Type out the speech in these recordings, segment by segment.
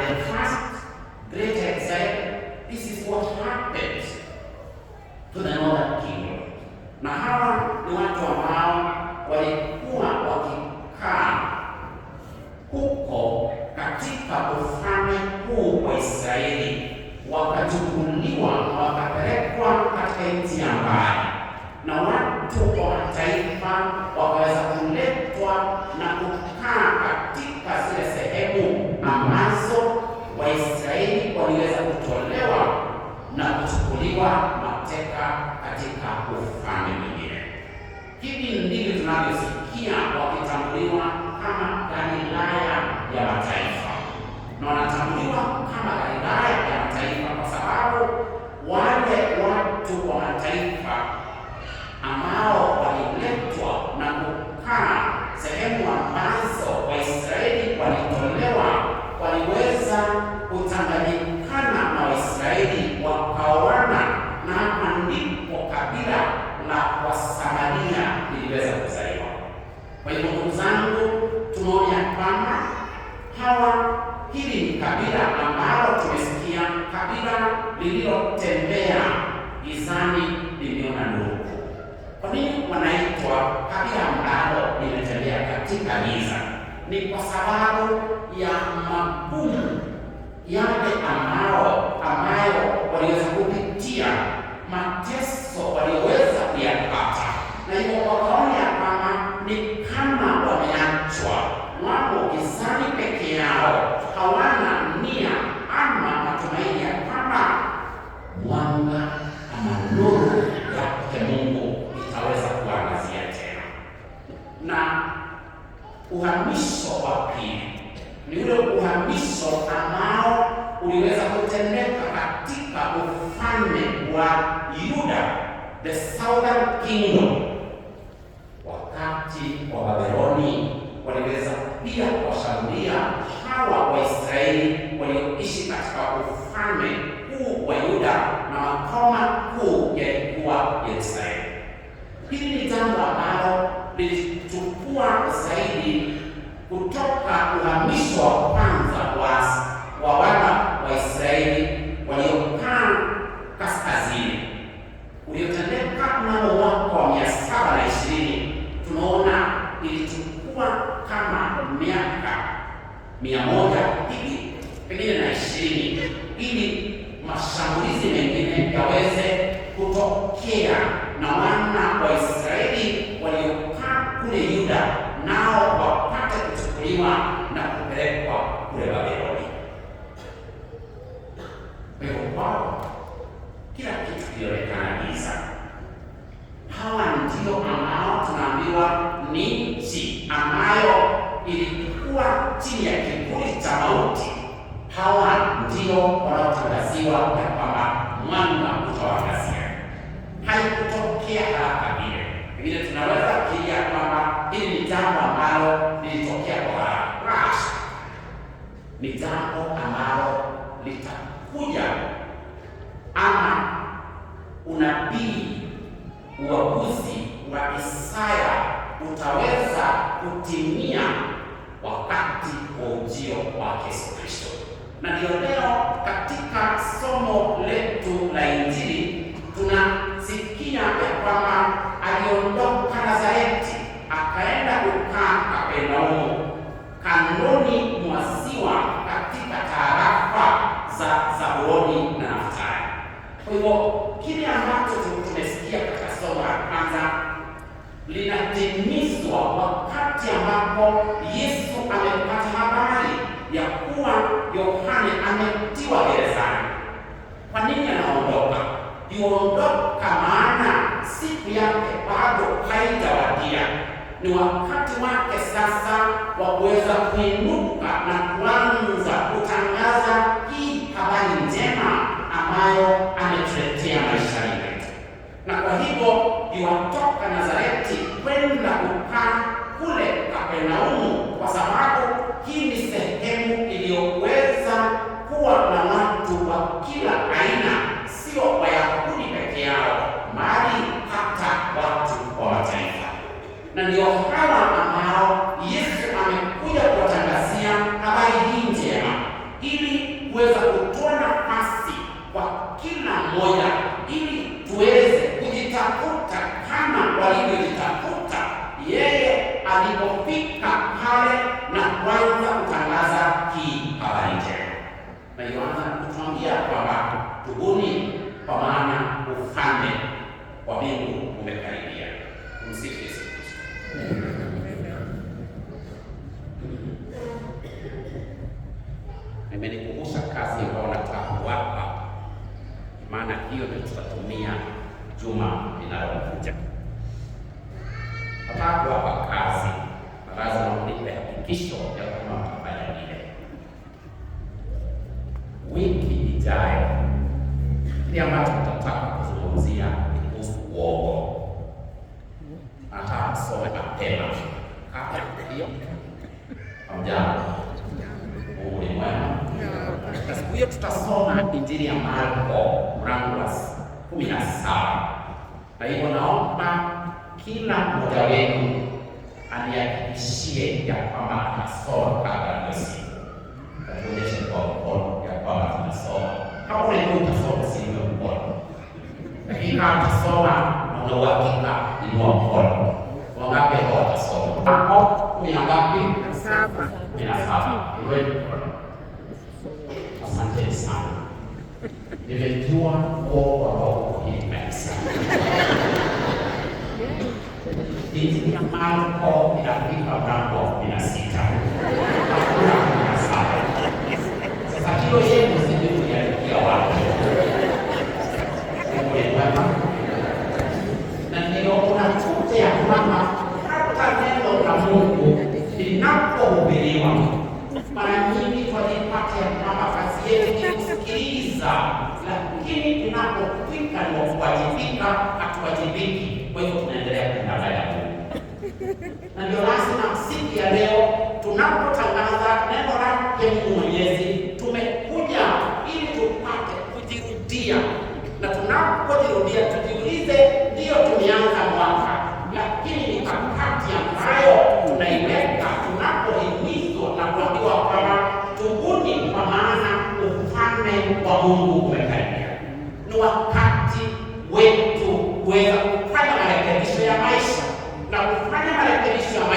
and the first great exile, this is what happened to the northern kingdom. Na hawa ni watu ambao walikuwa wakikaa huko katika ufalme huu wa Israeli, wakachukuliwa wakapelekwa katika nchi ya mbali na Hivi ndivyo tunavyosikia wakitambuliwa kama Galilaya ya mataifa na kabila ambalo tumesikia, kabila lililotembea gizani, liliona nuru. Kwa nini wanaitwa kabila ambalo limetembea katika giza? Ni kwa sababu ya magumu yale ambayo ambayo waliweza uhamisho wa pili ni ule uhamisho ambao uliweza kutendeka katika ufalme wa Yuda, the southern kingdom. Wakati wa babiloni waliweza pia kuwashambulia hawa Waisraeli walioishi katika ufalme huu wa Yuda, na makao makuu yalikuwa Yerusalemu. Hili ni jambo ambalo kilichotokea na wana wa Israeli waliokaa kule Yuda, nao wapate kuchukuliwa na kupelekwa kule Babeli. Kwa hivyo kwao kila kitu kilionekana giza. Hawa ndio ambao tunaambiwa ni nchi ambayo ilikuwa chini ya kivuli cha mauti. Hawa ndio wanaotangaziwa haikutokea haraka vile vile. Tunaweza kufikiria kwamba hili ni jambo ambalo lilitokea kwa haraka, ni jambo ambalo litakuja ama unabii uaguzi wa Isaya utaweza kutimia wakati wa ujio wa Yesu Kristo, na ndio leo mtu wa gerezani. Kwa nini anaondoka? Yuondoka maana siku yake bado haijawadia, ni wakati wake sasa wa kuweza kuinuka na kuanza kutangaza hii habari njema ambayo ametuletea maisha yetu. Na kwa hivyo yuwatoka Nazareti kwenda kukaa kule Kapernaumu kwa sababu hii mbingu umekaribia. Msifu Yesu Kristo. Imenikumbusha kazi ambayo nataka kuwapa, maana hiyo ndio tutatumia juma linalokuja. Nataka kuwapa kazi na lazima hakikisho hivyo tutasoma Injili ya Marko mlango wa 17. Kwa hivyo naomba kila mmoja wenu anihakikishie ya kwamba anasoma kabla ya siku. Tuonyeshe kwa mkono ya kwamba tunasoma. Kama ulikuwa utasoma sivyo mkono. Lakini kama utasoma una uhakika ni mkono. Wangapi ambao watasoma? Hapo ni ngapi? Saba. Ni saba sana. Nimejua mkoa ambao kuimba sana Biblia Marko inafika mlango wa kumi na sita hakuna kumi kusikiliza, lakini tunapofika ni wakuwajibika, hatuwajibiki. Kwa tunaendelea kutangaza ya Mungu, na ndio lazima siku ya leo tunapotangaza neno lake Mungu Mwenyezi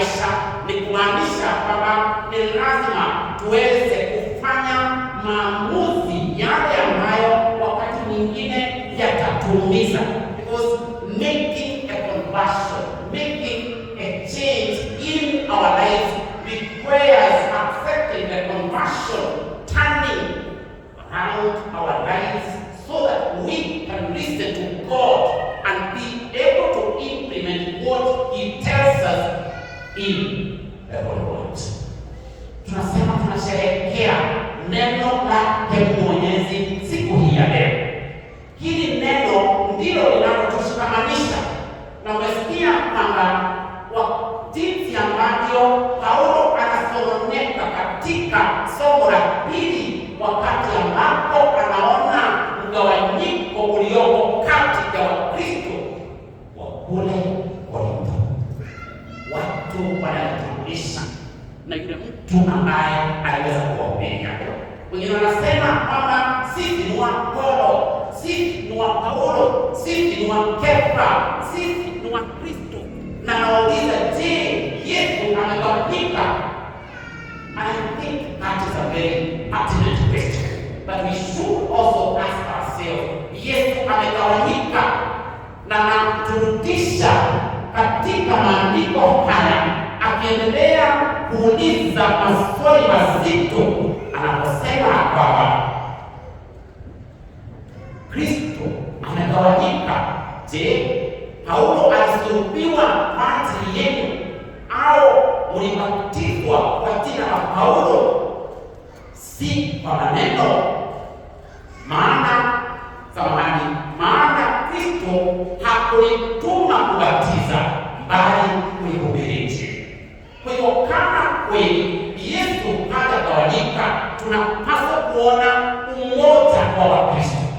maisha ni kumaanisha kwamba ni lazima tuweze kufanya maamuzi yale ambayo wakati mwingine yatatuumiza because making a conversion tunasema tunasherehekea neno lake Mwenyezi siku hii ya leo. Hili neno ndilo linalotushikamanisha na umesikia kwamba jinsi ambavyo Paulo anasononeka katika Sisi ni Wakepra, sisi ni Wakristo. Na nauliza, je, Yesu anabadilika? I think that is a very pertinent question, but we should also ask ourselves, Yesu amegawanyika? Na namturudisha katika maandiko haya akiendelea kuuliza maswali mazito anaposema kwamba Kristo imegawanyika. Je, Paulo alisulubiwa kwa ajili yenu au ulibatizwa kwa jina la Paulo? Si kwa maneno. Maana samani, maana Kristo hakulituma kubatiza, bali kuihubiri Injili. Kwa hiyo kama kweli Yesu hajagawanyika, tunapaswa kuona umoja wa Wakristo.